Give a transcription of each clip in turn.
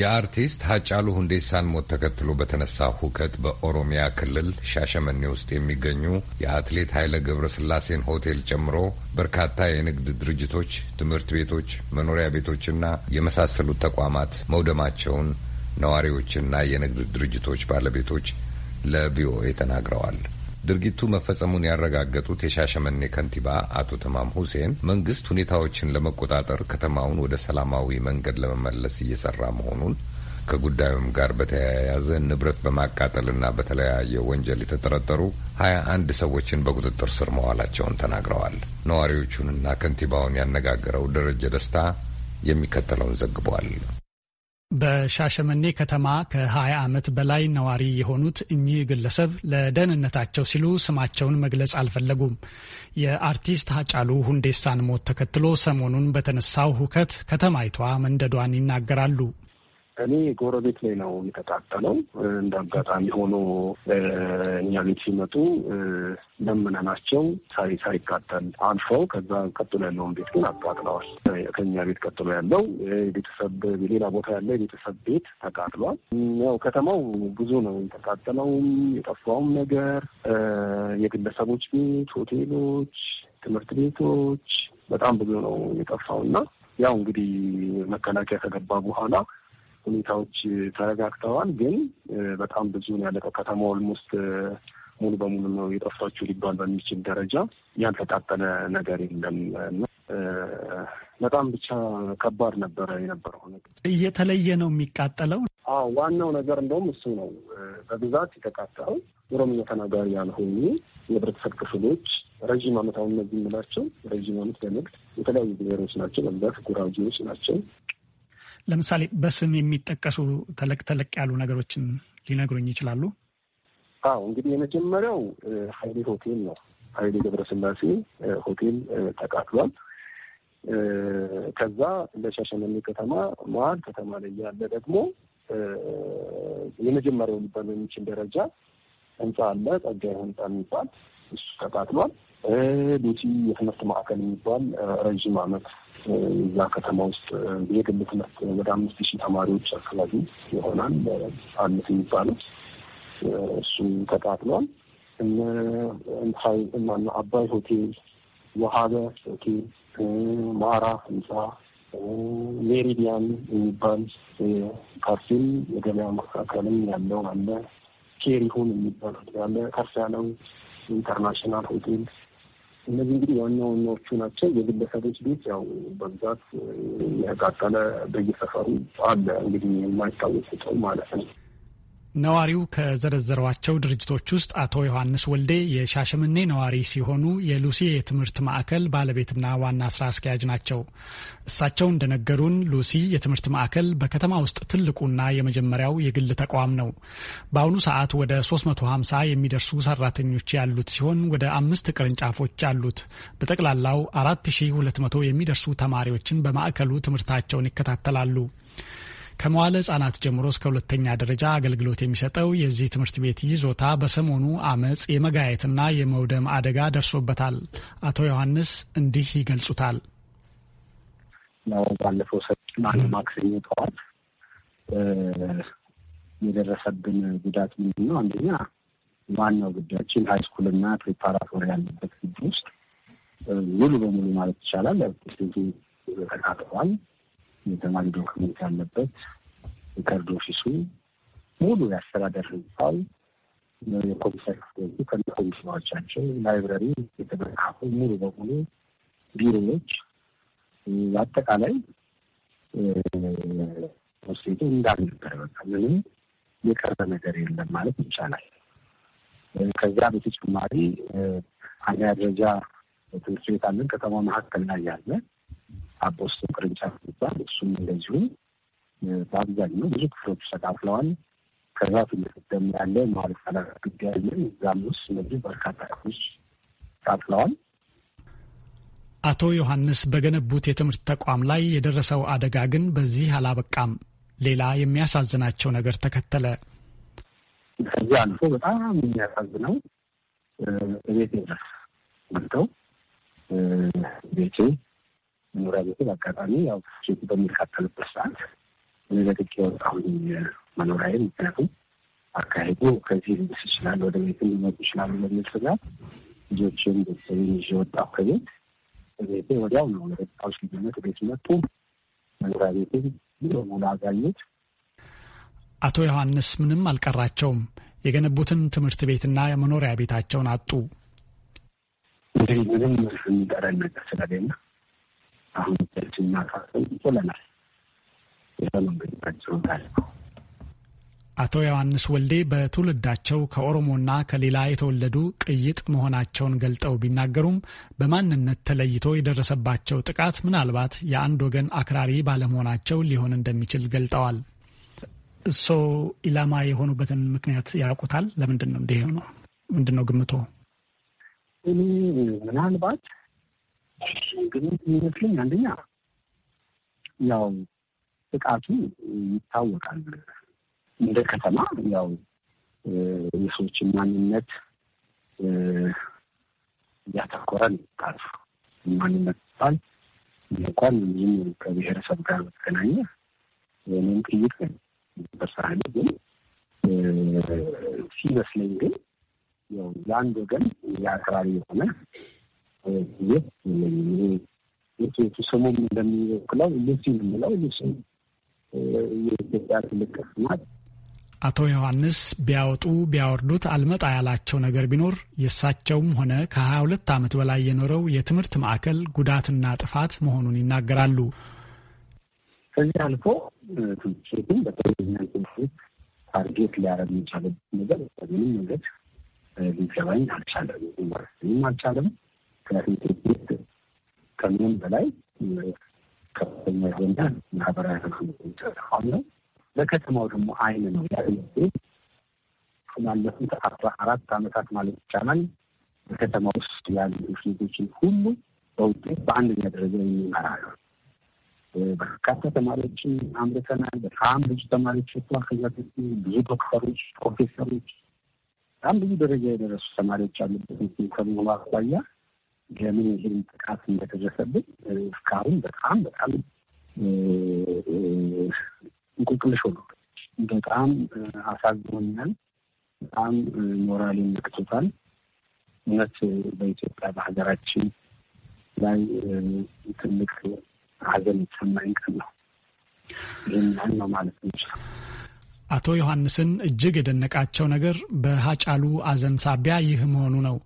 የአርቲስት ሀጫሉ ሁንዴሳን ሞት ተከትሎ በተነሳ ሁከት በኦሮሚያ ክልል ሻሸመኔ ውስጥ የሚገኙ የአትሌት ኃይለ ገብረስላሴን ሆቴል ጨምሮ በርካታ የንግድ ድርጅቶች፣ ትምህርት ቤቶች፣ መኖሪያ ቤቶችና የመሳሰሉት ተቋማት መውደማቸውን ነዋሪዎችና የንግድ ድርጅቶች ባለቤቶች ለቪኦኤ ተናግረዋል። ድርጊቱ መፈጸሙን ያረጋገጡት የሻሸመኔ ከንቲባ አቶ ተማም ሁሴን መንግስት ሁኔታዎችን ለመቆጣጠር ከተማውን ወደ ሰላማዊ መንገድ ለመመለስ እየሰራ መሆኑን ከጉዳዩም ጋር በተያያዘ ንብረት በማቃጠልና በተለያየ ወንጀል የተጠረጠሩ ሀያ አንድ ሰዎችን በቁጥጥር ስር መዋላቸውን ተናግረዋል። ነዋሪዎቹንና ከንቲባውን ያነጋገረው ደረጀ ደስታ የሚከተለውን ዘግቧል። በሻሸመኔ ከተማ ከ20 ዓመት በላይ ነዋሪ የሆኑት እኚህ ግለሰብ ለደህንነታቸው ሲሉ ስማቸውን መግለጽ አልፈለጉም። የአርቲስት ሀጫሉ ሁንዴሳን ሞት ተከትሎ ሰሞኑን በተነሳው ሁከት ከተማይቷ መንደዷን ይናገራሉ። እኔ ጎረቤት ላይ ነው የተቃጠለው። እንደ አጋጣሚ ሆኖ እኛ ቤት ሲመጡ ለምነናቸው ሳይቃጠል አልፈው ከዛ ቀጥሎ ያለውን ቤት ግን አቃጥለዋል። ከኛ ቤት ቀጥሎ ያለው የቤተሰብ ሌላ ቦታ ያለ የቤተሰብ ቤት ተቃጥሏል። ያው ከተማው ብዙ ነው የተቃጠለውም የጠፋውም ነገር የግለሰቦች ቤት፣ ሆቴሎች፣ ትምህርት ቤቶች በጣም ብዙ ነው የጠፋው እና ያው እንግዲህ መከላከያ ከገባ በኋላ ሁኔታዎች ተረጋግተዋል። ግን በጣም ብዙ ነው ያለቀው። ከተማ ኦልሞስት ሙሉ በሙሉ ነው የጠፋችው ሊባል በሚችል ደረጃ ያልተቃጠለ ነገር የለም እና በጣም ብቻ ከባድ ነበረ የነበረው ነገር። እየተለየ ነው የሚቃጠለው። አዎ ዋናው ነገር እንደውም እሱ ነው በብዛት የተቃጠለው። ኦሮምኛ ተናጋሪ ያልሆኑ የህብረተሰብ ክፍሎች ረዥም ዓመት አሁን እነዚህ የምላቸው ረዥም ዓመት በንግድ የተለያዩ ብሔሮች ናቸው። በብዛት ጉራጌዎች ናቸው። ለምሳሌ በስም የሚጠቀሱ ተለቅ ተለቅ ያሉ ነገሮችን ሊነግሩኝ ይችላሉ? አዎ እንግዲህ የመጀመሪያው ሀይሌ ሆቴል ነው። ሀይሌ ገብረስላሴ ሆቴል ተቃጥሏል። ከዛ ለሻሸመኔ ከተማ መሀል ከተማ ላይ ያለ ደግሞ የመጀመሪያው ሊባል የሚችል ደረጃ ህንፃ አለ። ጸጋዬ ህንፃ የሚባል እሱ ተቃጥሏል። ቤቲ የትምህርት ማዕከል የሚባል ረዥም አመት እዛ ከተማ ውስጥ የግል ትምህርት ወደ አምስት ሺህ ተማሪዎች አካባቢ ይሆናል አነት የሚባለው እሱ ተቃጥሏል። አባይ ሆቴል፣ ወሀበ ሆቴል፣ ማራ ህንፃ፣ ሜሪዲያን የሚባል ካፌም የገበያ መካከልም ያለው አለ። ኬሪሁን የሚባል ሆቴል አለ። ከፍ ያለው ኢንተርናሽናል ሆቴል እነዚህ እንግዲህ ዋና ዋናዎቹ ናቸው። የግለሰቦች ቤት ያው በብዛት የተቃጠለ በየሰፈሩ አለ እንግዲህ የማይታወቅ ቁጥር ማለት ነው። ነዋሪው ከዘረዘሯቸው ድርጅቶች ውስጥ አቶ ዮሐንስ ወልዴ የሻሸምኔ ነዋሪ ሲሆኑ የሉሲ የትምህርት ማዕከል ባለቤትና ዋና ስራ አስኪያጅ ናቸው። እሳቸው እንደነገሩን ሉሲ የትምህርት ማዕከል በከተማ ውስጥ ትልቁና የመጀመሪያው የግል ተቋም ነው። በአሁኑ ሰዓት ወደ 350 የሚደርሱ ሰራተኞች ያሉት ሲሆን ወደ አምስት ቅርንጫፎች አሉት። በጠቅላላው 4200 የሚደርሱ ተማሪዎችን በማዕከሉ ትምህርታቸውን ይከታተላሉ። ከመዋለ ህጻናት ጀምሮ እስከ ሁለተኛ ደረጃ አገልግሎት የሚሰጠው የዚህ ትምህርት ቤት ይዞታ በሰሞኑ አመፅ የመጋየትና የመውደም አደጋ ደርሶበታል። አቶ ዮሐንስ እንዲህ ይገልጹታል። ያው ባለፈው ሰማንያ ማክሰኞ ጠዋት የደረሰብን ጉዳት ምንድን ነው? አንደኛ ዋናው ጉዳያችን ሃይስኩልና ፕሪፓራቶሪ ያለበት ግቢ ውስጥ ሙሉ በሙሉ ማለት ይቻላል ተቃጥሏል። የተማሪ ዶክመንት ያለበት ሪከርድ ኦፊሱ ሙሉ ያስተዳደር ህንፃው የኮሚሰር ክፍሎቹ ከኮሚሽናዎቻቸው ላይብረሪ የተበቃፉ ሙሉ በሙሉ ቢሮዎች፣ አጠቃላይ ስቴቱ እንዳልነበረ በቃ ምንም የቀረ ነገር የለም ማለት ይቻላል። ከዚያ በተጨማሪ አንደኛ ደረጃ ትምህርት ቤት አለን። ከተማ መካከል ላይ ያለ አፖስቶ ቅርንጫፍ ይባል እሱም እንደዚሁ በአብዛኛው ብዙ ክፍሎች ተካፍለዋል። ከዛ ፊት ቀደም ያለ ማለት ግዳያለን እዛም ውስጥ እነዚህ በርካታ ክፍሎች ተካፍለዋል። አቶ ዮሐንስ በገነቡት የትምህርት ተቋም ላይ የደረሰው አደጋ ግን በዚህ አላበቃም። ሌላ የሚያሳዝናቸው ነገር ተከተለ። ከዚህ አልፎ በጣም የሚያሳዝነው እቤት ድረስ መጥተው ቤቴ መኖሪያ ቤቱ በአጋጣሚ ያው ሴቱ በሚካተልበት ሰዓት ለቅቄ የወጣሁኝ መኖሪያ ምክንያቱም አካሄዱ ከዚህ ልብስ ይችላል ወደ ቤት ሊመጡ ይችላሉ በሚል ስጋት ልጆችን ቤተሰብ ይዤ ወጣሁ ከቤት ቤቴ ወዲያው ነው ለደቂቃዎች ልዩነት ቤት መጡ። መኖሪያ ቤቴ ሙሉ አጋኘት። አቶ ዮሐንስ ምንም አልቀራቸውም። የገነቡትን ትምህርት ቤትና የመኖሪያ ቤታቸውን አጡ። እንግዲህ ምንም የሚቀረን ነገር ስለሌለ አሁን ቸርችና ይችለናል አቶ ዮሐንስ ወልዴ በትውልዳቸው ከኦሮሞና ከሌላ የተወለዱ ቅይጥ መሆናቸውን ገልጠው ቢናገሩም በማንነት ተለይቶ የደረሰባቸው ጥቃት ምናልባት የአንድ ወገን አክራሪ ባለመሆናቸው ሊሆን እንደሚችል ገልጠዋል። እሶ ኢላማ የሆኑበትን ምክንያት ያውቁታል? ለምንድን ነው እንዲህ የሆነው? ምንድን ነው ግምቶ? ምናልባት ግምት የሚመስለኝ አንደኛ ያው ጥቃቱ ይታወቃል። እንደ ከተማ ያው የሰዎችን ማንነት እያተኮረ ቃሉ ማንነት ይባል እንኳን ይህም ከብሔረሰብ ጋር በተገናኘ ወይም ጥይቅ በሳለ ግን ሲመስለኝ ግን ያው ለአንድ ወገን የአክራሪ የሆነ ጊዜ ስሙም እንደሚወክለው ልሲ የምንለው ልሲ የኢትዮጵያ ትልቅ ናት። አቶ ዮሐንስ ቢያወጡ ቢያወርዱት አልመጣ ያላቸው ነገር ቢኖር የእሳቸውም ሆነ ከ22 ዓመት በላይ የኖረው የትምህርት ማዕከል ጉዳትና ጥፋት መሆኑን ይናገራሉ። ከዚህ አልፎ ትምህርት በተለኛ ትምህርት ታርጌት ሊያደርግ የሚቻለበት ነገር በምንም መንገድ ሊገባኝ አልቻለም። ዩኒቨርስቲም አልቻለም። ምክንያቱም ድርጅት ከምንም በላይ ከፍተኛ የሆነ ማህበራዊ ተቋም ነው። ለከተማው ደግሞ አይን ነው። ያ ድርጅት ላለፉት አስራ አራት አመታት ማለት ይቻላል በከተማ ውስጥ ያሉ ሽቶችን ሁሉ በውጤት በአንደኛ ደረጃ የሚመራሉ። በርካታ ተማሪዎችን አምርተናል። በጣም ብዙ ተማሪዎች ወጥተዋል። ከዛ ብዙ ዶክተሮች፣ ፕሮፌሰሮች በጣም ብዙ ደረጃ የደረሱ ተማሪዎች አሉበት ከመሆኑ አኳያ ለምን ይህን ጥቃት እንደደረሰብን እስካሁን በጣም በጣም እንቁቅልሽ ሆኖ በጣም አሳዝኖኛል። በጣም ሞራሌን ነክቶታል። እውነት በኢትዮጵያ በሀገራችን ላይ ትልቅ ሀዘን የተሰማኝ ቀን ነው። ይህን ያህል ነው ማለት ነው። አቶ ዮሐንስን እጅግ የደነቃቸው ነገር በሀጫሉ አዘን ሳቢያ ይህ መሆኑ ነው።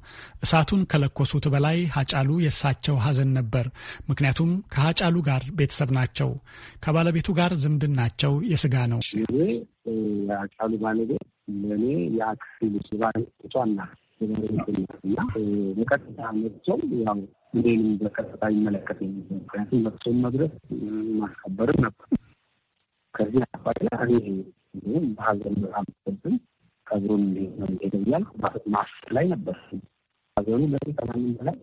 እሳቱን ከለኮሱት በላይ ሀጫሉ የእሳቸው ሀዘን ነበር። ምክንያቱም ከሀጫሉ ጋር ቤተሰብ ናቸው። ከባለቤቱ ጋር ዝምድናቸው የስጋ ነው። እኔ ባለቤት ለእኔ የአክሲል ባለቤቷና ና በቀጥታ መጥቶም ያው እኔንም በቀጥታ ይመለከት ምክንያቱም መጥቶም መድረስ ማስከበርም ነበር ከዚህ አባያ እኔ ይህም በሀዘን በጣም ስብን ከብሩን ነው ሄደው እያልኩ ማስብ ላይ ነበር። ሀዘኑ በዚህ ከማንም በላይ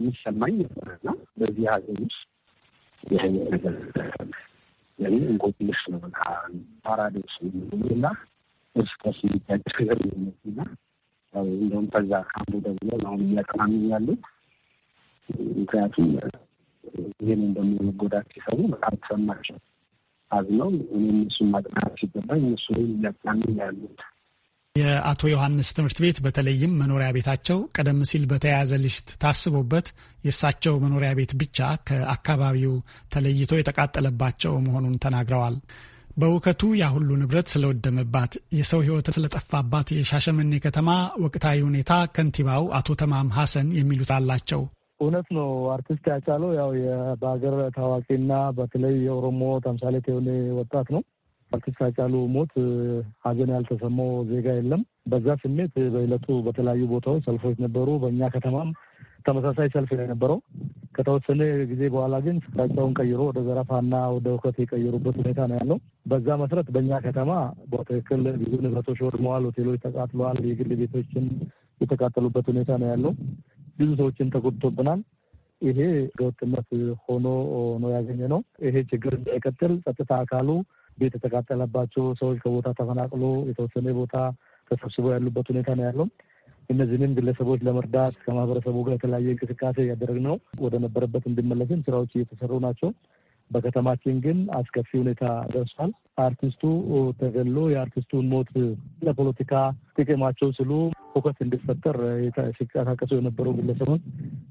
የሚሰማኝ ነበር ነበርና በዚህ ሀዘን ውስጥ የህይወት ነገር ለኔ እንቆቅልሽ ነው። ፓራዶክስ ላ እርስ በርስ የሚጋጭ ነገር ና እንዲሁም ከዛ ከአንዱ ደግሞ አሁን እያቀናኙ ያሉት ምክንያቱም ይህን እንደምንጎዳት ሲሰሩ በጣም ተሰማቸው። አዝነው እኔ እነሱን ማጥናት ሲገባኝ እነሱ እያጣኑ ያሉት የአቶ ዮሐንስ ትምህርት ቤት በተለይም መኖሪያ ቤታቸው ቀደም ሲል በተያያዘ ሊስት ታስቦበት የእሳቸው መኖሪያ ቤት ብቻ ከአካባቢው ተለይቶ የተቃጠለባቸው መሆኑን ተናግረዋል። በውከቱ ያሁሉ ንብረት ስለወደመባት የሰው ሕይወት ስለጠፋባት የሻሸመኔ ከተማ ወቅታዊ ሁኔታ ከንቲባው አቶ ተማም ሐሰን የሚሉት አላቸው። እውነት ነው። አርቲስት ያጫለው ያው በሀገር ታዋቂና በተለይ የኦሮሞ ተምሳሌት የሆነ ወጣት ነው። አርቲስት ሃጫሉ ሞት ሀዘን ያልተሰማው ዜጋ የለም። በዛ ስሜት በዕለቱ በተለያዩ ቦታዎች ሰልፎች ነበሩ። በእኛ ከተማም ተመሳሳይ ሰልፍ ነው የነበረው። ከተወሰነ ጊዜ በኋላ ግን አቅጣጫውን ቀይሮ ወደ ዘረፋና ወደ ውከት የቀየሩበት ሁኔታ ነው ያለው። በዛ መሰረት በእኛ ከተማ በትክክል ብዙ ንብረቶች ወድመዋል፣ ሆቴሎች ተቃጥለዋል፣ የግል ቤቶችን የተቃጠሉበት ሁኔታ ነው ያለው። ብዙ ሰዎችን ተጎድቶብናል። ይሄ ህገወጥነት ሆኖ ነው ያገኘ ነው። ይሄ ችግር እንዳይቀጥል ጸጥታ አካሉ ቤት የተቃጠለባቸው ሰዎች ከቦታ ተፈናቅሎ የተወሰነ ቦታ ተሰብስበው ያሉበት ሁኔታ ነው ያለው። እነዚህንም ግለሰቦች ለመርዳት ከማህበረሰቡ ጋር የተለያየ እንቅስቃሴ እያደረግ ነው። ወደ ነበረበት እንዲመለስም ስራዎች እየተሰሩ ናቸው። በከተማችን ግን አስከፊ ሁኔታ ደርሷል። አርቲስቱ ተገሎ የአርቲስቱን ሞት ለፖለቲካ ጥቅማቸው ስሉ ሁከት እንዲፈጠር ሲንቀሳቀሱ የነበረው ግለሰቡን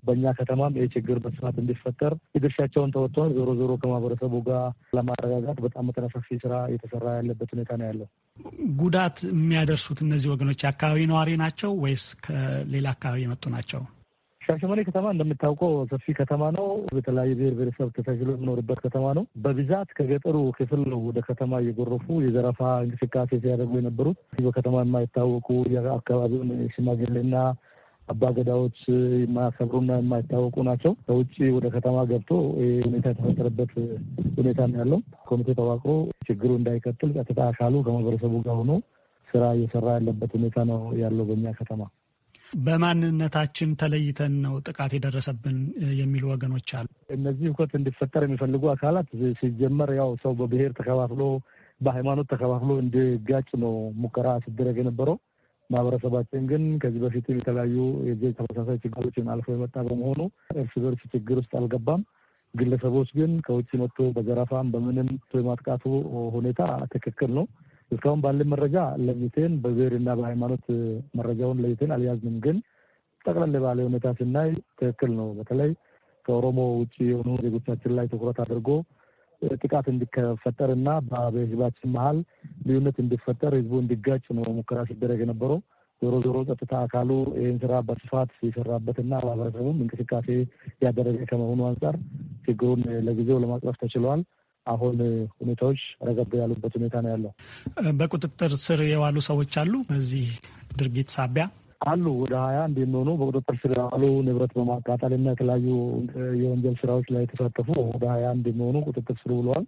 በእኛ ከተማም ይህ ችግር በስፋት እንዲፈጠር የድርሻቸውን ተወጥተዋል። ዞሮ ዞሮ ከማህበረሰቡ ጋር ለማረጋጋት በጣም ሰፊ ስራ እየተሰራ ያለበት ሁኔታ ነው ያለው። ጉዳት የሚያደርሱት እነዚህ ወገኖች የአካባቢ ነዋሪ ናቸው ወይስ ከሌላ አካባቢ የመጡ ናቸው? ሻሸመኔ ከተማ እንደምታውቀው ሰፊ ከተማ ነው። የተለያዩ ብሔር ብሔረሰብ ተሻሽሎ የሚኖርበት ከተማ ነው። በብዛት ከገጠሩ ክፍል ነው ወደ ከተማ እየጎረፉ የዘረፋ እንቅስቃሴ ሲያደርጉ የነበሩት በከተማ የማይታወቁ የአካባቢውን ሽማግሌና አባገዳዎች የማያከብሩና የማይታወቁ ናቸው። ከውጭ ወደ ከተማ ገብቶ ሁኔታ የተፈጠረበት ሁኔታ ነው ያለው። ኮሚቴ ተዋቅሮ ችግሩ እንዳይቀጥል ቀጥታ አካሉ ከማህበረሰቡ ጋር ሆኖ ስራ እየሰራ ያለበት ሁኔታ ነው ያለው በእኛ ከተማ። በማንነታችን ተለይተን ነው ጥቃት የደረሰብን የሚሉ ወገኖች አሉ። እነዚህ እውቀት እንዲፈጠር የሚፈልጉ አካላት ሲጀመር ያው ሰው በብሔር ተከፋፍሎ በሃይማኖት ተከፋፍሎ እንዲጋጭ ነው ሙከራ ሲደረግ የነበረው። ማህበረሰባችን ግን ከዚህ በፊት የተለያዩ የዚህ ተመሳሳይ ችግሮችን አልፎ የመጣ በመሆኑ እርስ በርስ ችግር ውስጥ አልገባም። ግለሰቦች ግን ከውጭ መጥቶ በዘረፋም በምንም ማጥቃቱ ሁኔታ ትክክል ነው። እስካሁን ባለን መረጃ ለይተን እና በሃይማኖት መረጃውን ለይተን አልያዝንም። ግን ጠቅለል ባለ ሁኔታ ስናይ ትክክል ነው። በተለይ ከኦሮሞ ውጭ የሆኑ ዜጎቻችን ላይ ትኩረት አድርጎ ጥቃት እንዲፈጠር እና በህዝባችን መሀል ልዩነት እንዲፈጠር ህዝቡ እንዲጋጭ ነው ሙከራ ሲደረግ የነበረው። ዞሮ ዞሮ ጸጥታ አካሉ ይህን ስራ በስፋት የሰራበትና ማህበረሰቡም እንቅስቃሴ ያደረገ ከመሆኑ አንጻር ችግሩን ለጊዜው ለማቅረፍ ተችሏል። አሁን ሁኔታዎች ረገብ ያሉበት ሁኔታ ነው ያለው። በቁጥጥር ስር የዋሉ ሰዎች አሉ። በዚህ ድርጊት ሳቢያ አሉ ወደ ሀያ እንደሚሆኑ በቁጥጥር ስር ያሉ ንብረት በማቃጠል በማቃጠልና የተለያዩ የወንጀል ስራዎች ላይ የተሳተፉ ወደ ሀያ እንደሚሆኑ ቁጥጥር ስር ውለዋል።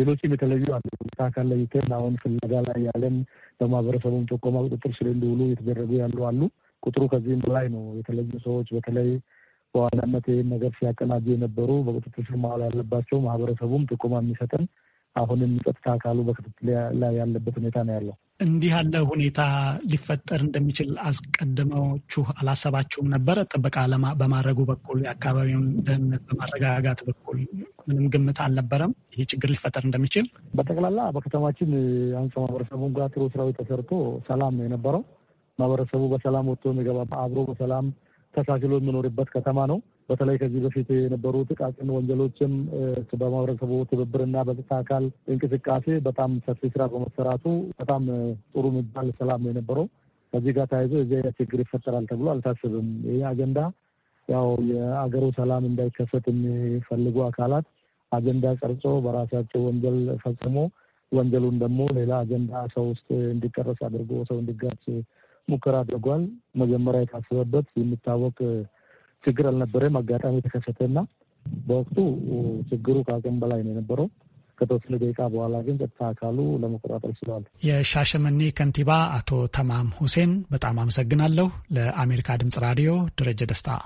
ሌሎችም የተለዩ አሉ። ከአካል ለይተን አሁን ፍለጋ ላይ ያለን በማህበረሰቡም ጥቆማ ቁጥጥር ስር እንዲውሉ የተደረጉ ያሉ አሉ። ቁጥሩ ከዚህም በላይ ነው። የተለዩ ሰዎች በተለይ በዋናነት ይህን ነገር ሲያቀናጁ የነበሩ በቁጥጥር ስር መዋል ያለባቸው ማህበረሰቡም ጥቆማ የሚሰጠን አሁንም ጸጥታ አካሉ በክትትል ላይ ያለበት ሁኔታ ነው ያለው። እንዲህ ያለ ሁኔታ ሊፈጠር እንደሚችል አስቀድማችሁ አላሰባችሁም ነበረ? ጥበቃ በማድረጉ በኩል የአካባቢውን ደህንነት በማረጋጋት በኩል ምንም ግምት አልነበረም? ይህ ችግር ሊፈጠር እንደሚችል በጠቅላላ በከተማችን አንሶ ማህበረሰቡን ጋር ጥሩ ስራዊ ተሰርቶ ሰላም የነበረው። ማህበረሰቡ በሰላም ወጥቶ የሚገባ አብሮ በሰላም ተሻሽሎ የምኖርበት ከተማ ነው። በተለይ ከዚህ በፊት የነበሩ ጥቃቅን ወንጀሎችም በማህበረሰቡ ትብብርና በጸጥታ አካል እንቅስቃሴ በጣም ሰፊ ስራ በመሰራቱ በጣም ጥሩ የሚባል ሰላም ነው የነበረው። ከዚህ ጋር ተያይዞ የዚህ አይነት ችግር ይፈጠራል ተብሎ አልታስብም። ይህ አጀንዳ ያው የአገሩ ሰላም እንዳይከሰት የሚፈልጉ አካላት አጀንዳ ቀርጾ በራሳቸው ወንጀል ፈጽሞ ወንጀሉን ደግሞ ሌላ አጀንዳ ሰው ውስጥ እንዲቀረስ አድርጎ ሰው እንዲጋጭ ሙከራ አድርጓል። መጀመሪያ የታሰበበት የሚታወቅ ችግር አልነበረም። አጋጣሚ የተከሰተና በወቅቱ ችግሩ ከአቅም በላይ ነው የነበረው። ከተወሰነ ደቂቃ በኋላ ግን ጸጥታ አካሉ ለመቆጣጠር ችለዋል። የሻሸመኔ ከንቲባ አቶ ተማም ሁሴን በጣም አመሰግናለሁ። ለአሜሪካ ድምጽ ራዲዮ ደረጀ ደስታ